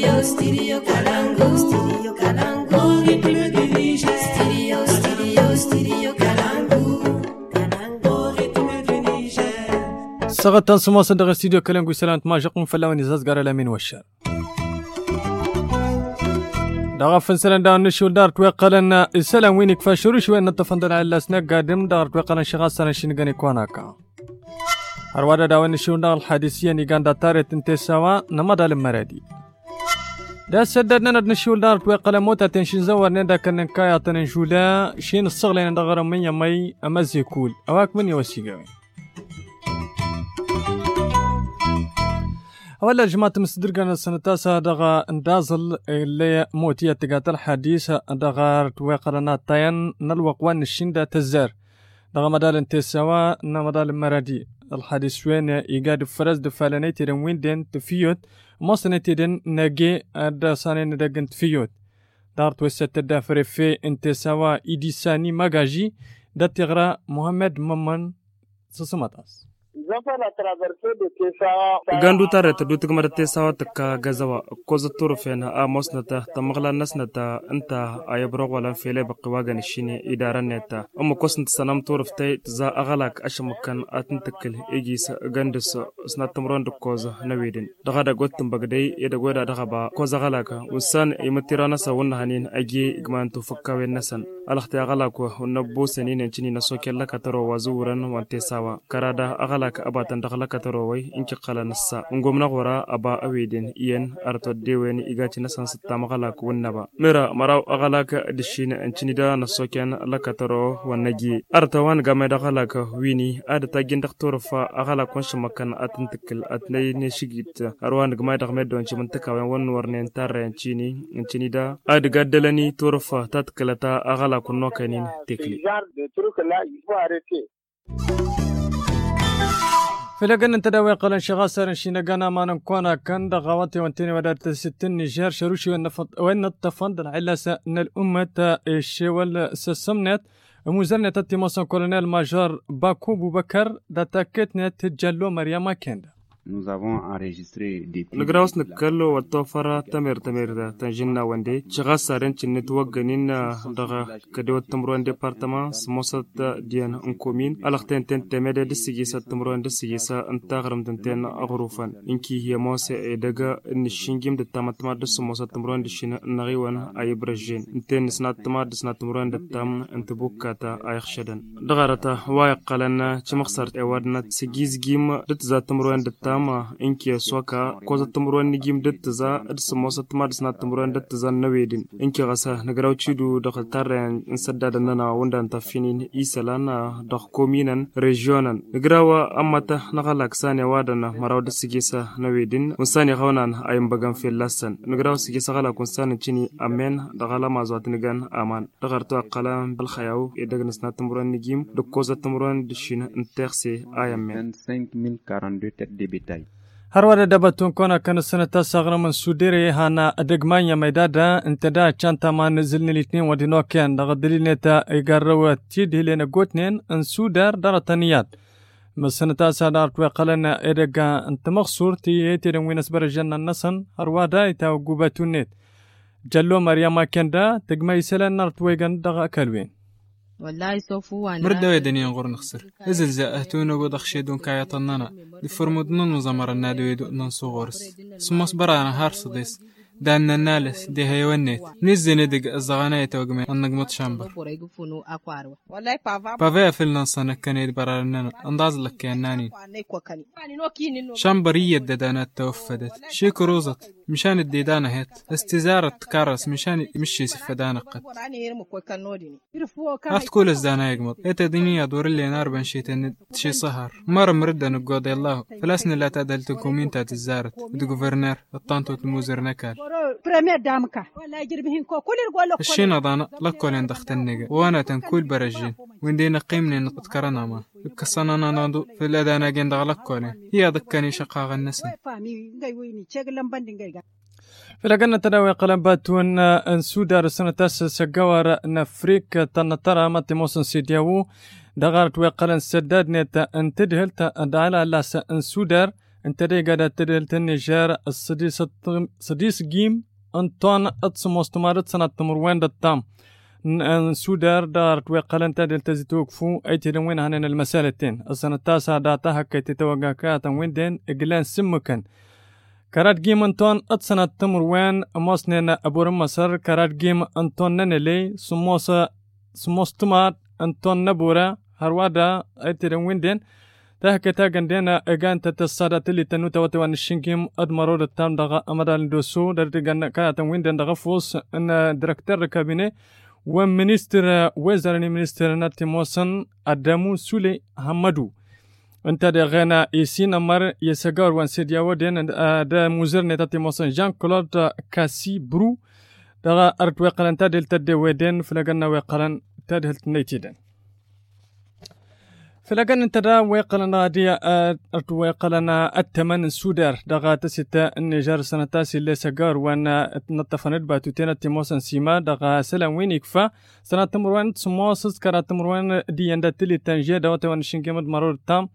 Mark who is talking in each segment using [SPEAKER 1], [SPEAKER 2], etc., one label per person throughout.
[SPEAKER 1] سغت ستيريو كالانجو ستيريو كالانجو ريتم dirige ستيريو ستيريو ستيريو كالانجو كالانجو
[SPEAKER 2] ريتم dirige صغت تنصم صندوق ستيريو كالانجو سلانت ما جقم فلاوني زازقار لامين والشار دغفن سلان دان نشول دار توقلن السلام وينك فاشروش وين نتفندل على لاسنك قادم دار توقلن شغال سنة شنقني كواناكا هرواد داوين شون دار الحادثية نيغان دا داتارت انتساوا نمدال مرادي دا سدد نند نشول دار بوي قلموتا تنشين زور نندا كن كايا تنشولا شين الصغل نندا غرم من يمي أمزي كول اواك من يوسيقاوي أولا جماعة مصدر كان السنة التاسعة دغا ندازل اللي موتية تقات الحديث دغا تويقرنا طين نلوق وان الشين دا تزار دغا مدال انتساوا نمدال مرادي الحديث شوينا إيجاد فرز دفالاني تيرن ويندن تفيوت مصنع تيرن ناجي أدا ساني ندقن تفيوت دار توسط الدافر في انتساوا إيدي ساني ماجاجي دا تغرى محمد ممن سسمتاس
[SPEAKER 3] ganduta reta dutugmada ta ka gazawa koza turufena a ta ta mosnata ta nasnata inta ayabrog walan fele bakiwagan shine idaraneta ama kosnta sanam turuftay tza agalak ashamakan atintakil igis gandis sna tamronda koza nawidin dagada gotin bagday yadagweda dagaba koza galaka ko imatiranasa wunnahanin agi igmantu fakawe nasan na agalakwa unna busanin enchini nasokelaka taro wazuwuran sawa karada agalaka ka abatan dakhla katarowai inki qalanassa ngomna gora aba aweden iyen arto dewen igati nasan sitta magala kunnaba mera maraw agala ka dishin ancinida nasoken lakataro wanagi artawan game dakhla ka wini ada tagin daktor fa agala kun shmakan atantikil atnay ne shigit arwan gama dakhmed don chimantaka wan warnen tarren chini ancinida ad gaddelani
[SPEAKER 2] torfa tatkalata agala kunno kanin tekli Thank you. فلقنا انت داوي قل انشغال سر انشينا قنا ما نكونا كندا غواتي وانتيني ودات ستين نيجير شروشي وين التفند على ان الأمة الشوال سسمنت موزلنا تتي مصن كولونيل ماجور باكو بكر داتاكتنا تجلو مريم nous
[SPEAKER 3] avons enregistré
[SPEAKER 2] des lagras na
[SPEAKER 3] kallo wato fara tamer tamer da tanjin na wande chiga saren chinne tuwa ganin daga kade departement smosat dian en commune alakten ten temede de sigisa tamruan de sigisa anta garam den ten agurufan inki hiya mose e daga nishingim de tamatma de smosa de shina nari wan ay brajin ten snat tama de snat de tam antubukata ay khshadan dagarata wa qalan chimaxsart e wadna sigizgim de tamruan de tama inkiya soka koza tumruan nigim dettiza irsa mosa tumad sna tumruan dettiza nawedin inkiya gasa nagaraw chidu da nana wanda danana wundan tafinin isalana dakh kominan regionan nagarawa amata nagalak sani wadana maraw da sigisa nawedin unsani khawnan ayim bagan fillasan nagaraw sigisa gala kunsani chini amen dagala mazwat nigan aman dagartu aqalam bil khayaw idagna sna tumruan nigim dukoza tumruan dishin interse ayamen
[SPEAKER 2] 25042 tête بتاعي هرودا دبتون كونا كان السنة تساغنا من سوديري هانا أدقمانيا ميدادا انت دا چانتا ما نزلنا الاثنين ودينو كان دا غدلين تا ايقاروا تيد هلين قوتنين ان سودار دارتانيات مسنة تاسا دارت وقلنا إدقا انت مغصور تي يتيرن وينس برجنا النسن هروادا اتا وقوباتونيت جلو مريم كندا تقمي سلان نارت ويغن دغا كالوين
[SPEAKER 1] والله سوف وانا مرد
[SPEAKER 2] دنيا غور نخسر
[SPEAKER 1] ازل زاهتون وبد اخشيدون كايا طننا لفرمودن نزمر النادو يدو نصغورس سموس برانا هار صديس دان نالس دي هيوانيت نزيني دق الزغانا يتوقمي النقمة شامبر بافيا فلنا سنة كانيد برارنا انداز لك يا ناني شامبر يد دانات توفدت شيك روزت مشان الديدانة هيت استزارة تكرس مشان يمشي سفدانة قد أتقول الزدانة يقمض إتا دنيا دور اللي نار بنشيت إن تشي صهر مرة مرد نقود الله فلاسن لا تدل تكومين تات الزارت دي غوفرنر الطانتو تموزر نكال الشي نضانا لكولين دختنقة وانا تنكول برجين وندينا قيمني نتكرنا ما كسانا نانادو في الأدانا جندغ لكولين هي دكاني شقاغ النسل
[SPEAKER 2] Filagana eh, tana waqalamba tuana ansuda rasanatas sagawar nafrik tanatara mati mosan sidiawu dagar tuaqalan sadad neta antidhil ta adala lasa ansudar انتري قادة تدل تنجار السديس السديس جيم انطان اتس مستمرت سنة مروان دتام سودار دار توقلن تدل تزيتوك فو اي تدوين هنن المسالتين السنة التاسعة داتا هكا تتوقع كاتا ويندين إجلان سمكن كرات جيم انتون اتسنة تمروان موسنين ابور مصر كرات جيم انتون ننلي سموسة سموس تمات انتون نبورا هروادا اترين ويندين تهكا تاغن دينا اغان تتسادة تلي تنو توتوان الشنجيم ادمرو التام دغا امدال دوسو دارتي درتغن كاتا ويندين دغا فوس ان دركتر كابيني ومنستر وزارني منستر ناتي موسن ادامو سولي همدو انت دي غانا ايسي نمر يسجار وان سيديا ودين آه، دا موزر نتاتي موسن جان كلود كاسي برو دا ارت ويقلن تادل تدي ودين فلقنا ويقلن تادل نيتيدن تلاقن انت دا ويقلنا دي آه، ارتو ويقلنا التمن سودر دغا تسيتا النيجر سنة تاسي اللي سقار وانا اتنطفنت باتو تينا تيموسن سيما دغا سلام وين يكفا سنة تمروان تسموسس كرا تمروان دي يندا تلي تنجي دوتا وان شنجمد مرور تام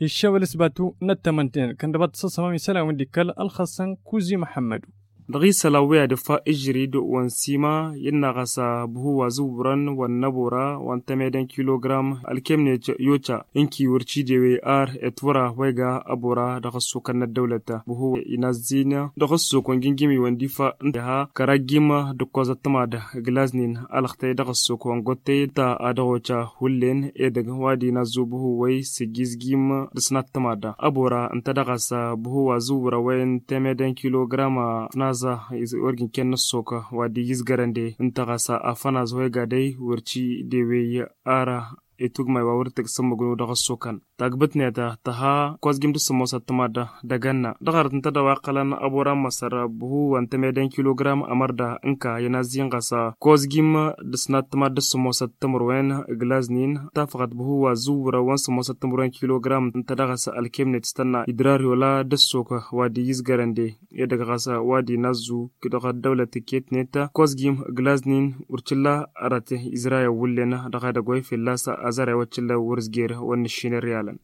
[SPEAKER 2] يشاول اسباتو نتمنتين كان دبات سسما مثلا وين ديكال الخصن كوزي محمدو Daghisa da defa ijiri wan sima na
[SPEAKER 3] gasa buhu wa zuburan wan nabora wan tameden kilogram alkemne yocha inki wurci dewe ar etwara wega abora daghasu na daulata buhu inazina daghasu kon gingimi wan difa ndaha karagima dukoza da glaznin da daghasu kon gote ta adagocha hullen edeg wadi zu buhu wai sigizgim dasnat da. abora da gasa buhu wa zubura wen tameden kilogram na is working ken soka wadi yizgarande intaxa sa afana zoygadey werci dewe ara itugmay waawirtek samagunu dhaqasukan tagbetneda taha kwasgimdu samosa tamada daganna dhaqartinta dhawaqalan abora masara buhu wantameden kilogram amarda nka yanazingasa kwasgim dasna tamada samosa tamurwen glaznin tafaqat buhu wa zuwra wan samosa tamurwen kilogram tadaqasa alkemnet stanna idrariola dasoka wadi yizgarande yadagaqasa wadi nazu kidaqa dawlati ketneta kwasgim glaznin urchila arate izraya wullena dhaqadagoy filasa azarayawachilla wursgeer wanishineryalan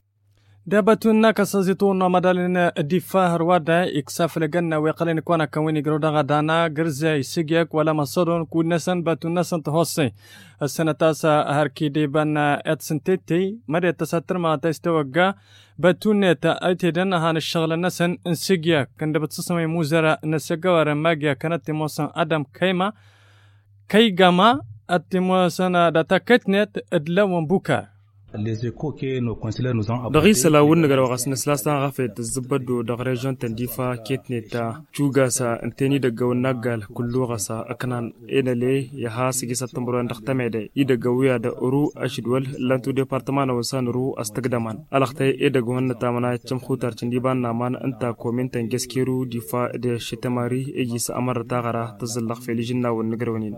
[SPEAKER 2] dabatuna kasazituna madalina difa harwada iksaflegana weqalin kwana kawini grodaqadana garza isigyak walamasodon kudnasan batunasan tahose asanatasa harkidibana edsentiti madetasatırmaata istawaga batuneta aitedan ahan shaqlanasan insigya kandabatsasamay muzara nasagawara magya kanatimosan adam kayma kaygama التموسنا دتكتنت ادلون بوكار dagi sala wunna gar wagas na slasta gafet zubaddo da region tandifa
[SPEAKER 3] ketne ta chugasa anteni daga wanagal kullu région enale ya sigi satambro ndak tamede i daga wiya da ashidwal lantu departement na ru astagdaman alaxtay e tamana komin tan geskeru difa de shitamari ta wanin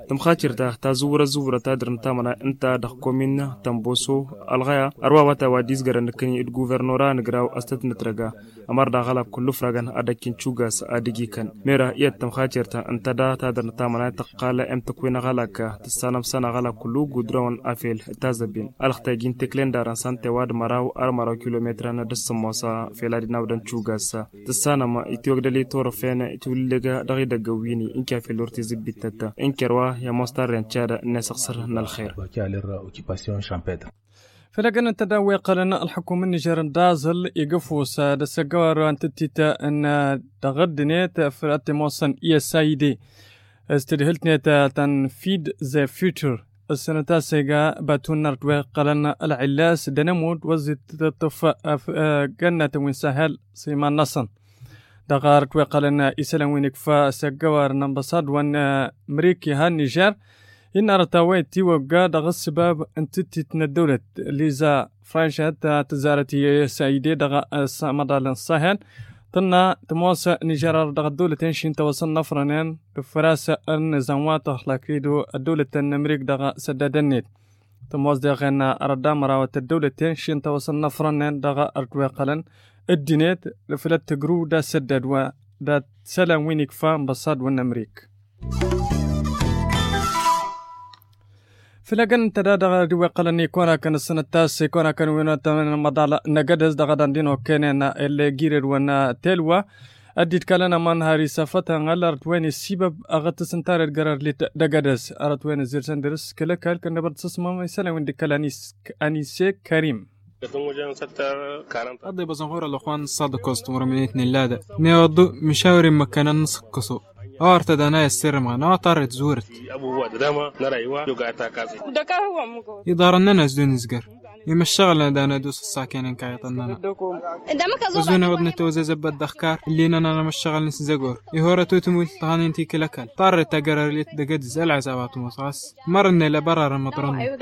[SPEAKER 3] tam ta ta komin tamboso الغاية أروا واتا واديز غرا نكني إد غوفرنورا نغراو أستد نترغا أمار داغالا كلو فراغان أدا أدا كنشوغاس أدقي كان ميرا إياد تمخاتيرتا أنت دا تادر نتامنا تقال أم تكوين غلاك تسانم سانا غالا كلو غدرون أفيل تازبين الختاجين تكلين داران سان تواد مراو أر مراو كيلومترا ندس موسا موسى في لادي ناودن شوغاس تسانم إتيوغ دالي تورو فين لغا دغي دقويني إنكا في لورتي زبتتا إنكروا يا مستر رنشادا نسخسر نالخير
[SPEAKER 2] فلقنا تداوي قلنا الحكومة النيجر دازل يقفو سادة دسقار أن تتيتا أن تغدنيت في التموصن إي اس اي دي استدهلتنيتا تنفيد ذا فيوتشر السنة التاسعة باتون نرتوي قلنا العلاس دنمود وزيت تطف قلنا تنوين سهل سيما نصن دغارت وقالنا إسلام وينكفا فا سقوار نمبساد وان مريكي ها النيجر إن أرتاوي تيوغا دغ السباب انت تتندولت ليزا فرنش هتا تزارتي سايدي دغ مدال الصهل تنا تموسى نيجر دغ الدولة تنشين توصل نفرنين بفراسة ان زنوات اخلاقيدو الدولة النمريك دغ سدادنيت تموز دغنا اردام راوت الدولة تنشين توصل نفرنين دغ اردويقلن الدينيت لفلت تقرو دا سدد و دا سلام وينك فام بصاد ونمريك Thank you. فلقن تدا ريوي قلني كونا كان السنة التاسع كونا كان وينا تمن مضال نقدس دغا داندينو كينينا اللي جيرر ونا تلوى أديت كالنا من هاري سافتا غلر تويني سيبب أغت سنتار القرار لي دقدس أرت وين زير سندرس كلا كال كان نبرت سسما ما يسالي وين دي كالانيس أنيسي كريم
[SPEAKER 1] hadday basanqoor aloqwaan sadakosto muraminitnilada neodu mishawri makanan sakkoso أرتد أنا السرما ناطرت زورت
[SPEAKER 3] أبو ودما نرى إيوا يقع تاكازي
[SPEAKER 1] دكار هو مكو يدار أننا زدون زجر يما الشغلة دانا دوس الساكنين كاي طننا كايطننا وزونا ودنا توزي توزا الدخكار اللي انا ما الشغل نس زقور يهورا توتم ويلطهاني انتي كلكل طار تقرر ليت تدقد زل عزابات مصاص مرنا لبرر مطرن أيوة،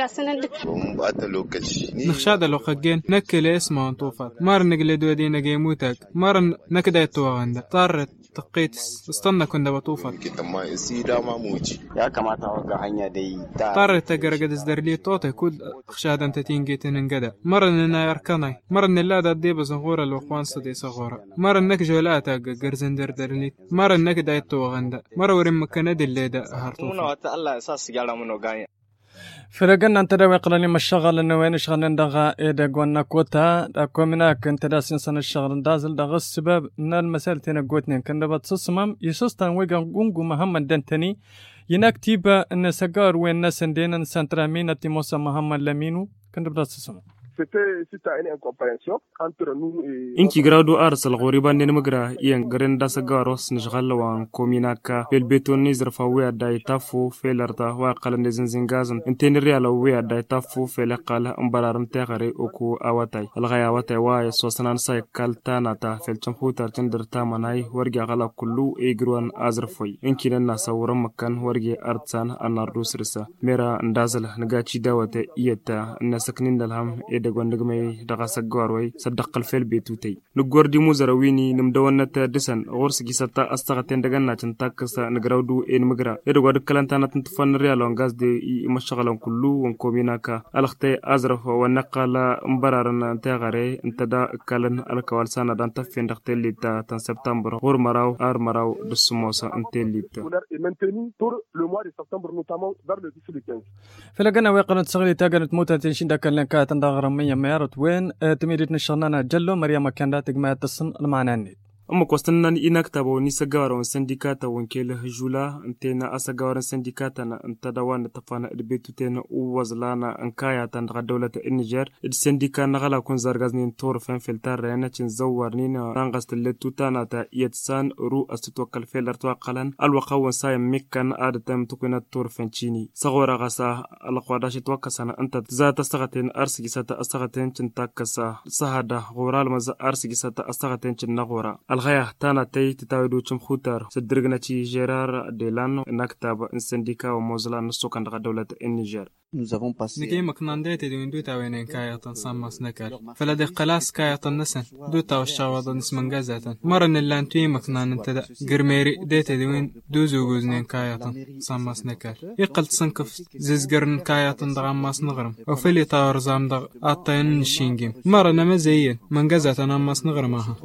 [SPEAKER 1] نخشاد لو قجين نكل اسمه انطوفات مار نقلد ودينا جيموتك مار نكدا يتو عند طار تقيت استنى كنا بطوفات
[SPEAKER 3] يا كما تاوغا حنيا
[SPEAKER 1] دي طار تقرر قد زدر لي توتي كود خشاد انت تينجيتن هنن قدا مرة ننا يركناي مرة نلا دا ديبا زنغورا الوقوان صدي صغورا مرة نك جولا قرزن در
[SPEAKER 2] درنيت نك دايت توغندا مرة ورم مكانا اللي دا هارتوفا مونو الله اساس جالا منو فرقنا انت دوي قلني ما الشغل انه وين شغل ندغى ايدا قوانا كوتا دا كومناك انت دا سنسان الشغل دازل دغى السبب ان المسالة تنقوتني كان دبا تصصمم يسوستان ويقان قنقو محمد دنتني يناك تيبا ان سقار وين ناس دينا سنترامين اتي محمد لامينو كان دبا تصصمم
[SPEAKER 3] inki grado arsal ghoriba ne magra iyan garin da saga ros ne shghalwan kominaka fel beton ne zerfa we adai tafu felarta wa qala ne zinzin gazan real we adai tafu fel qala ambararan te oku awatai alghaya watai wa sosanan sai kalta na ta fel champutar tindirta manai warga gala kullu e girwan azrfoi inki nan na sauran warge artsan anardo mera ndazal ngachi dawata iyata na dalham degwandegmay dhaqasaggoarway sadaqalfelbetutay nugwardi muzarawini nimdawanata dhisan qorsikisata astaqaten dhaganachantakasa nagrawdu enmagra edhagwadhakalantanatantufanarealongasde i imashaqalan kullu wankominaka alaqte azraf wanaqala mbararan nteaqare ntada kalan alkawalsanada ntafendaqtelita tan septembre qurmaraw
[SPEAKER 2] armaraw dhisumosa ntelita فلقنا ويقنا تسغلي تاقنا تموت تنشين داك لنكا تندغرم يوميا مير وين آه، تميريت نشرنا جلو مريم كان لا تجمع تصن المعنى النيت Amma kwastan nan inak taba wani
[SPEAKER 3] sagawar wani sindikata wanke la hajula ante na asa gawar sindikata na anta da wanda ta fana irbetu te na uwa zlana an kaya ta daga daulata in Niger id sindika na gala kun zargaz nin tor fen filtar rayana cin zawar ni na rangas talletu ta na ta iya san ru astu to kalfelar to qalan alwa qawan sa mikkan ada tam tukuna tor fen chini sagora gasa alqwadashi to kasana anta za ta sagatin arsigi sata asagatin cin takasa sahada alma za arsigi sata asagatin cin na gora alhaya tana tei titawedu chum khutar sadirgnati gerard delan naktaba sindika wa mozla nusukandaka dawlat niger نجي
[SPEAKER 1] مكناندي تدوين دو تاوينين كايطن سام سنكر فلدي قلاس كايطن نسن دو تاو الشاوض نسمن غازاتن مرن اللان توي مكنان انتدا قرميري دي تدوين دو زوغوزنين كايطن سام سنكر يقل تسنكف زيزقرن كايطن دغام ماس نغرم وفلي تاو رزام دغ اطين نشينجيم مرن ما زيين من غازاتن ماس نغرمها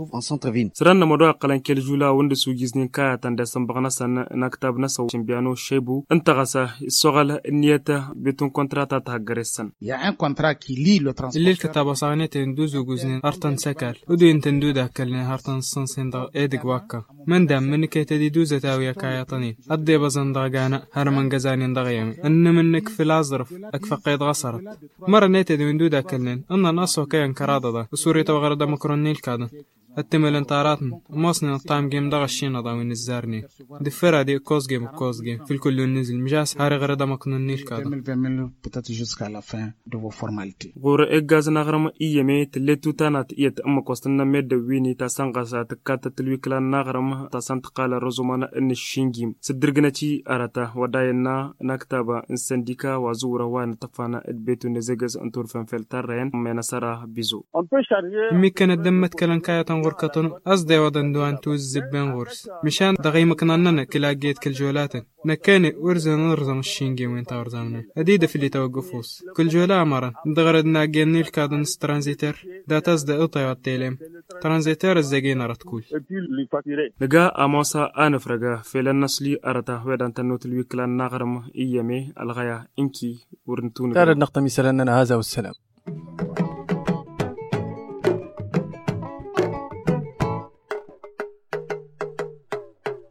[SPEAKER 3] سرن wannan madoya kalan kel jula wanda su gizni kaya tan da san bagna san na kitab na sau chimbiano shebu intagasa sogal niyata bitun kontrata ta garesan ya an kontra ki li lo transport lil kitaba sagane ten
[SPEAKER 1] duzu guzni hartan sakal udu inten duda kalne hartan san sen da edig wakka من دام من كيتدي دوزة تاوية كايطنين أدي بزن ضغانا هرمن قزانين ضغيمي أن منك في الأزرف أكفا قيد غصرت مرة نيتدي من دودا كلين أن ناسو كاين كرادة دا وسوري توغرد مكرونين الكادن التمل انتاراتن موصن الطعم جيم دغ الشين ضاوين الزارني دفرا دي كوز جيم كوز جيم في الكل نزل مجاس هاري غردا ما كنا نيل كادا
[SPEAKER 3] غور إجاز نغرم إيمي تلتو تانات إيت أما كوستنا ميد ويني تاسان غاسا تكاتا تلوي كلان نغرم تاسان تقال رزومانا إن الشينجيم سدرغنتي أراتا وداينا نكتابا إنسنديكا وزورا وان تفانا إدبيتو نزيجز أنتور فنفلتارين ميناسارا بيزو
[SPEAKER 1] ميكا ندمت كلان كايتا كان غركتن أز ديودن دوان توز زبان غرس مشان دغي مكناننا كلا جيت كل جولاتن نكاني أرزن نرزن الشينجي وين تارزمنا أديدة في اللي توقفوس كل جولة عمرا دغرد ناقيني الكادن ترانزيتر دا تاز دا اطيو التيلم ترانزيتر الزاقين رتكول
[SPEAKER 3] لقا أموسا أنفرقا في لنسلي أرتا ويدان تنوت الويكلا نغرم إيامي الغاية إنكي
[SPEAKER 2] ورنتون تارد نقطة مثلا هذا والسلام thank you